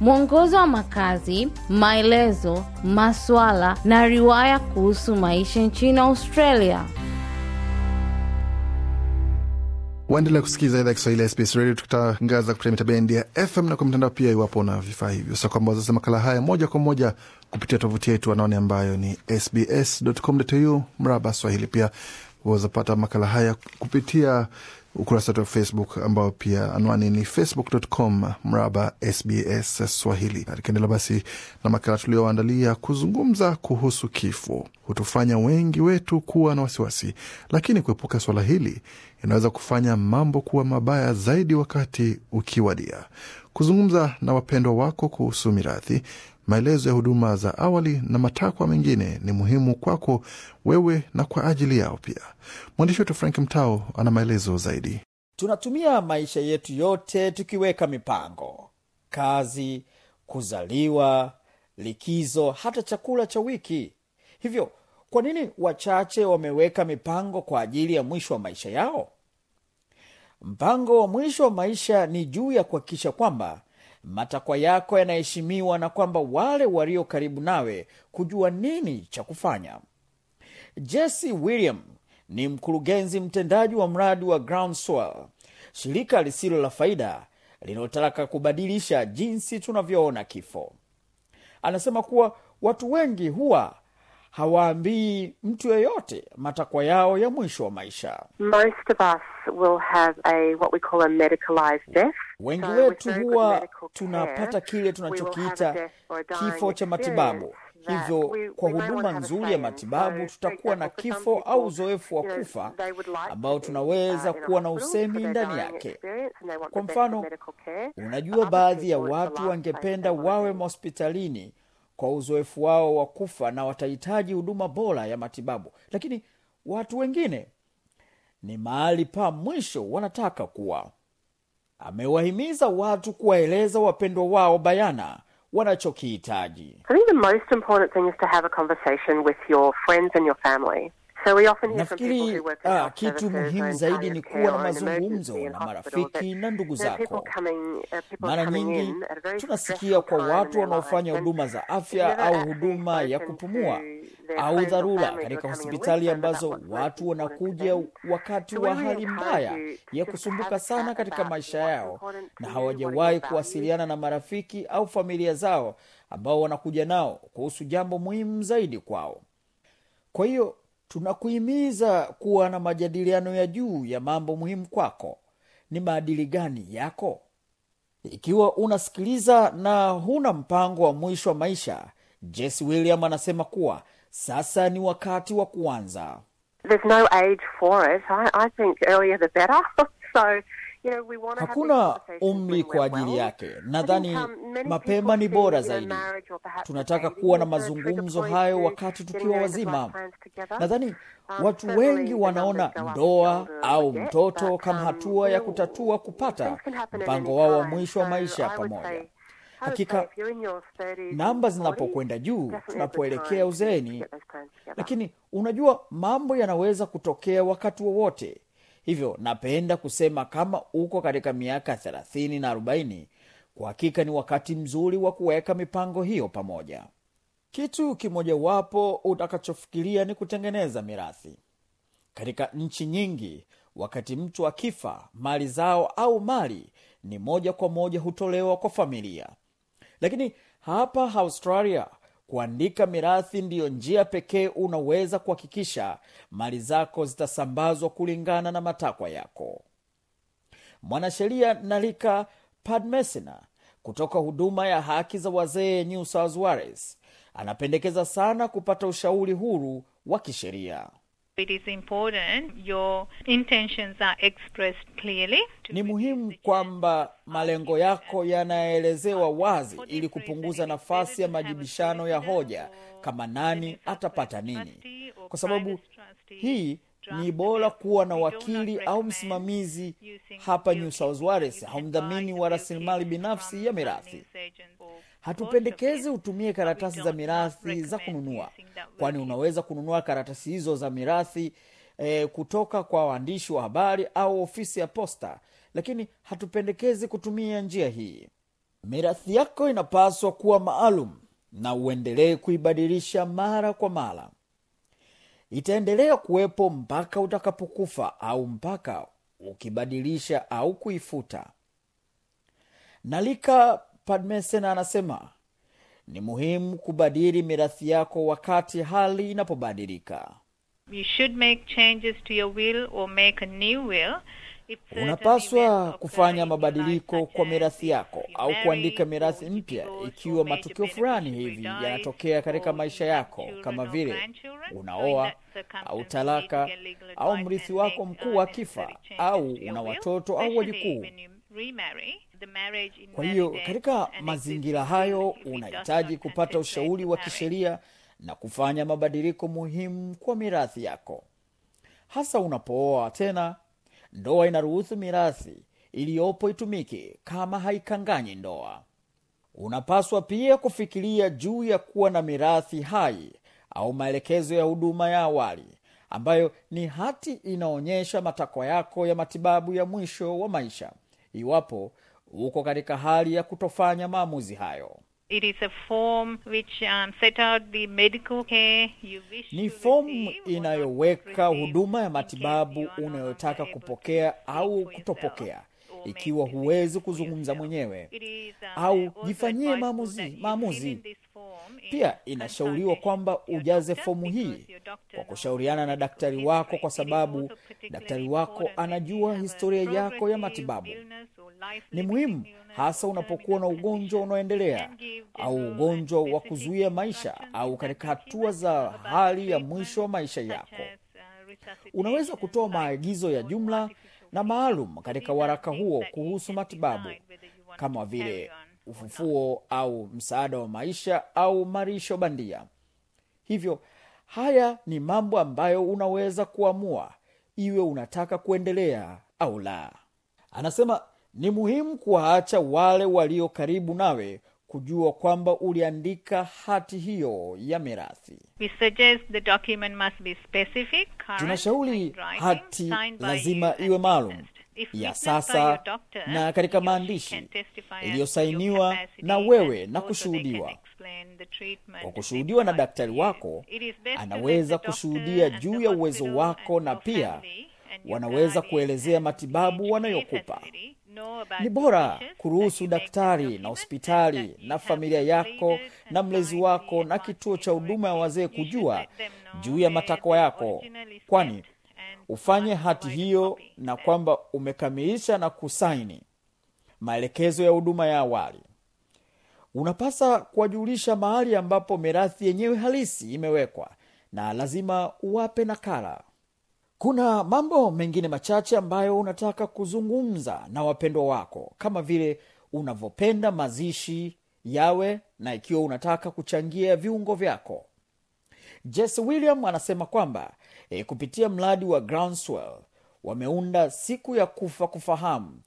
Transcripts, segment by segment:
mwongozo wa makazi, maelezo, maswala na riwaya kuhusu maisha nchini Australia. Waendelea kusikiliza idhaa ya Kiswahili ya SBS Radio, tukitangaza kupitia mitabendi ya FM na kwa mitandao pia, iwapo na vifaa hivyo. Sa kwamba wazasa makala haya moja kwa moja kupitia tovuti yetu anaone ambayo ni sbs.com.au mraba Swahili. Pia wazapata makala haya kupitia ukurasa wetu wa Facebook ambao pia anwani ni facebook.com mraba SBS Swahili. Tukiendelea basi na makala tulioandalia kuzungumza kuhusu kifo, hutufanya wengi wetu kuwa na wasiwasi, lakini kuepuka swala hili inaweza kufanya mambo kuwa mabaya zaidi wakati ukiwadia. Kuzungumza na wapendwa wako kuhusu mirathi maelezo ya huduma za awali na matakwa mengine ni muhimu kwako wewe na kwa ajili yao pia. Mwandishi wetu Frank Mtao ana maelezo zaidi. Tunatumia maisha yetu yote tukiweka mipango, kazi, kuzaliwa, likizo, hata chakula cha wiki. Hivyo kwa nini wachache wameweka mipango kwa ajili ya mwisho wa maisha yao? Mpango wa mwisho wa maisha ni juu ya kuhakikisha kwamba matakwa yako yanaheshimiwa na kwamba wale walio karibu nawe kujua nini cha kufanya. Jesse William ni mkurugenzi mtendaji wa mradi wa Groundswell, shirika lisilo la faida linalotaka kubadilisha jinsi tunavyoona kifo. Anasema kuwa watu wengi huwa hawaambii mtu yeyote matakwa yao ya mwisho wa maisha. Most of us will have a, what we call a medicalized death. Wengi wetu huwa tunapata kile tunachokiita kifo cha matibabu. Hivyo kwa huduma nzuri ya matibabu tutakuwa na kifo au uzoefu wa kufa ambao uh, tunaweza kuwa na usemi ndani yake. Kwa mfano, unajua, baadhi ya watu wangependa wawe mahospitalini kwa uzoefu wao wa kufa na watahitaji huduma bora ya matibabu lakini watu wengine ni mahali pa mwisho wanataka kuwa amewahimiza watu kuwaeleza wapendwa wao bayana wanachokihitaji Nafikiri ah, kitu muhimu zaidi ni kuwa na mazungumzo na marafiki na ndugu zako. Uh, Mara nyingi tunasikia kwa watu wanaofanya huduma za afya au huduma ya kupumua au dharura katika hospitali ambazo watu wanakuja wakati wa hali mbaya ya kusumbuka sana katika maisha yao na hawajawahi kuwasiliana na marafiki au familia zao ambao wanakuja nao kuhusu jambo muhimu zaidi kwao. Kwa hiyo Tunakuhimiza kuwa na majadiliano ya juu ya mambo muhimu kwako. Ni maadili gani yako? Ikiwa unasikiliza na huna mpango wa mwisho wa maisha, Jesse William anasema kuwa sasa ni wakati wa kuanza. Hakuna umri kwa ajili yake. Nadhani um, mapema ni bora zaidi. Tunataka kuwa na mazungumzo hayo wakati tukiwa wazima. Nadhani um, watu wengi wanaona ndoa au mtoto kama um, hatua ya kutatua kupata mpango wao wa mwisho wa maisha pamoja. Hakika namba zinapokwenda juu, tunapoelekea uzeeni, lakini unajua, mambo yanaweza kutokea wakati wowote wa Hivyo napenda kusema kama uko katika miaka thelathini na arobaini, kuhakika ni wakati mzuri wa kuweka mipango hiyo pamoja. Kitu kimojawapo utakachofikiria ni kutengeneza mirathi. Katika nchi nyingi, wakati mtu akifa, mali zao au mali ni moja kwa moja hutolewa kwa familia, lakini hapa Australia Kuandika mirathi ndiyo njia pekee unaweza kuhakikisha mali zako zitasambazwa kulingana na matakwa yako. Mwanasheria Nalika padmesina kutoka huduma ya haki za wazee New South Wales anapendekeza sana kupata ushauri huru wa kisheria. It is important your intentions are expressed clearly. Ni muhimu kwamba malengo yako yanaelezewa wazi ili kupunguza nafasi ya majibishano ya hoja kama nani atapata nini, kwa sababu hii ni bora kuwa na wakili au msimamizi hapa New South Wales au mdhamini wa rasilimali binafsi ya mirathi. Hatupendekezi utumie karatasi za mirathi za kununua, kwani unaweza kununua karatasi hizo za mirathi e, kutoka kwa waandishi wa habari au ofisi ya posta, lakini hatupendekezi kutumia njia hii. Mirathi yako inapaswa kuwa maalum na uendelee kuibadilisha mara kwa mara itaendelea kuwepo mpaka utakapokufa au mpaka ukibadilisha au kuifuta. Nalika Padmesena anasema ni muhimu kubadili mirathi yako wakati hali inapobadilika. You should make changes to your will or make a new will Unapaswa kufanya mabadiliko kwa mirathi yako au kuandika mirathi mpya ikiwa matukio fulani hivi yanatokea katika maisha yako, kama vile unaoa au talaka au mrithi wako mkuu akifa au una watoto au wajukuu. Kwa hiyo katika mazingira hayo unahitaji kupata ushauri wa kisheria na kufanya mabadiliko muhimu kwa mirathi yako, hasa unapooa tena ndoa inaruhusu mirathi iliyopo itumike kama haikanganyi ndoa. Unapaswa pia kufikiria juu ya kuwa na mirathi hai au maelekezo ya huduma ya awali ambayo ni hati inaonyesha matakwa yako ya matibabu ya mwisho wa maisha, iwapo uko katika hali ya kutofanya maamuzi hayo. It is a form which, um, set out the medical care you wish ni fomu inayoweka huduma ya matibabu unayotaka kupokea au kutopokea ikiwa huwezi kuzungumza mwenyewe um, au jifanyie maamuzi maamuzi. Pia inashauriwa kwamba ujaze fomu hii kwa kushauriana na daktari wako, kwa sababu daktari wako anajua historia yako ya matibabu ni muhimu, hasa unapokuwa na ugonjwa unaoendelea au ugonjwa wa kuzuia maisha au katika hatua za hali ya mwisho wa maisha yako. Unaweza kutoa maagizo ya jumla na maalum katika waraka huo kuhusu matibabu kama vile ufufuo au msaada wa maisha au marisho bandia. Hivyo haya ni mambo ambayo unaweza kuamua iwe unataka kuendelea au la. Anasema ni muhimu kuwaacha wale walio karibu nawe kujua kwamba uliandika hati hiyo ya mirathi. Tunashauri hati lazima iwe maalum ya sasa na katika maandishi iliyosainiwa na wewe na kushuhudiwa kwa kushuhudiwa na daktari wako. Anaweza kushuhudia juu ya uwezo wako, na pia wanaweza kuelezea matibabu wanayokupa. Ni bora kuruhusu daktari na hospitali na familia yako na mlezi wako na kituo cha huduma ya wazee kujua juu ya matakwa yako, kwani ufanye hati hiyo na kwamba umekamilisha na kusaini maelekezo ya huduma ya awali. Unapasa kuwajulisha mahali ambapo mirathi yenyewe halisi imewekwa, na lazima uwape nakala kuna mambo mengine machache ambayo unataka kuzungumza na wapendwa wako kama vile unavyopenda mazishi yawe na ikiwa unataka kuchangia viungo vyako jess william anasema kwamba e, kupitia mradi wa groundswell wameunda siku ya kufa kufahamu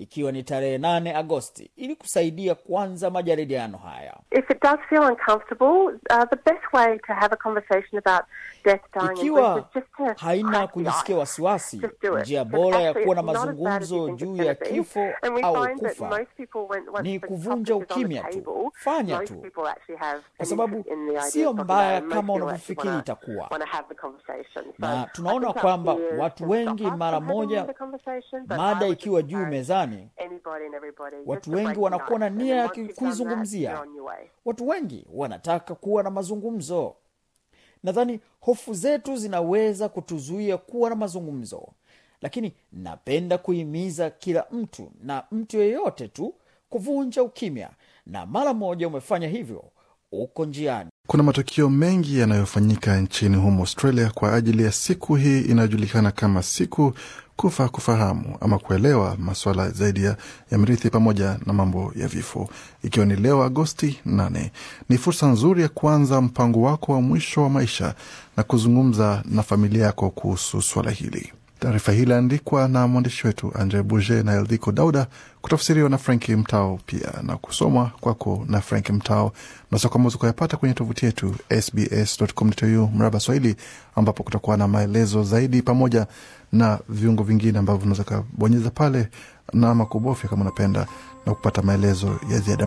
ikiwa ni tarehe nane Agosti ili kusaidia kuanza majadiliano haya. Ikiwa haina kujisikia wasiwasi, njia bora ya kuwa na mazungumzo juu ya kifo au kufa ni kuvunja ukimya tu, fanya tu, kwa sababu sio mbaya kama unavyofikiri itakuwa, na tunaona kwamba watu wengi mara moja mada ikiwa juu mezani duniani. Watu wengi wanakuwa na nia ya kuizungumzia, watu wengi wanataka kuwa na mazungumzo. Nadhani hofu zetu zinaweza kutuzuia kuwa na mazungumzo, lakini napenda kuhimiza kila mtu na mtu yeyote tu kuvunja ukimya, na mara moja umefanya hivyo, uko njiani. Kuna matukio mengi yanayofanyika nchini humo Australia kwa ajili ya siku hii inayojulikana kama siku kufa kufahamu ama kuelewa maswala zaidi ya mrithi pamoja na mambo ya vifo, ikiwa ni leo Agosti 8. Ni fursa nzuri ya kuanza mpango wako wa mwisho wa maisha na kuzungumza na familia yako kuhusu swala hili. Taarifa hii iliandikwa na mwandishi wetu Andre Buge na Eldiko Dauda, kutafsiriwa na Frank Mtao pia na kusomwa kwako na frank Mtao. Masokamozi kuyapata kwenye tovuti yetu sbs.com.au mraba Swahili, ambapo kutakuwa na maelezo zaidi pamoja na viungo vingine ambavyo unaweza kabonyeza pale na makubofya kama unapenda na kupata maelezo ya ziada.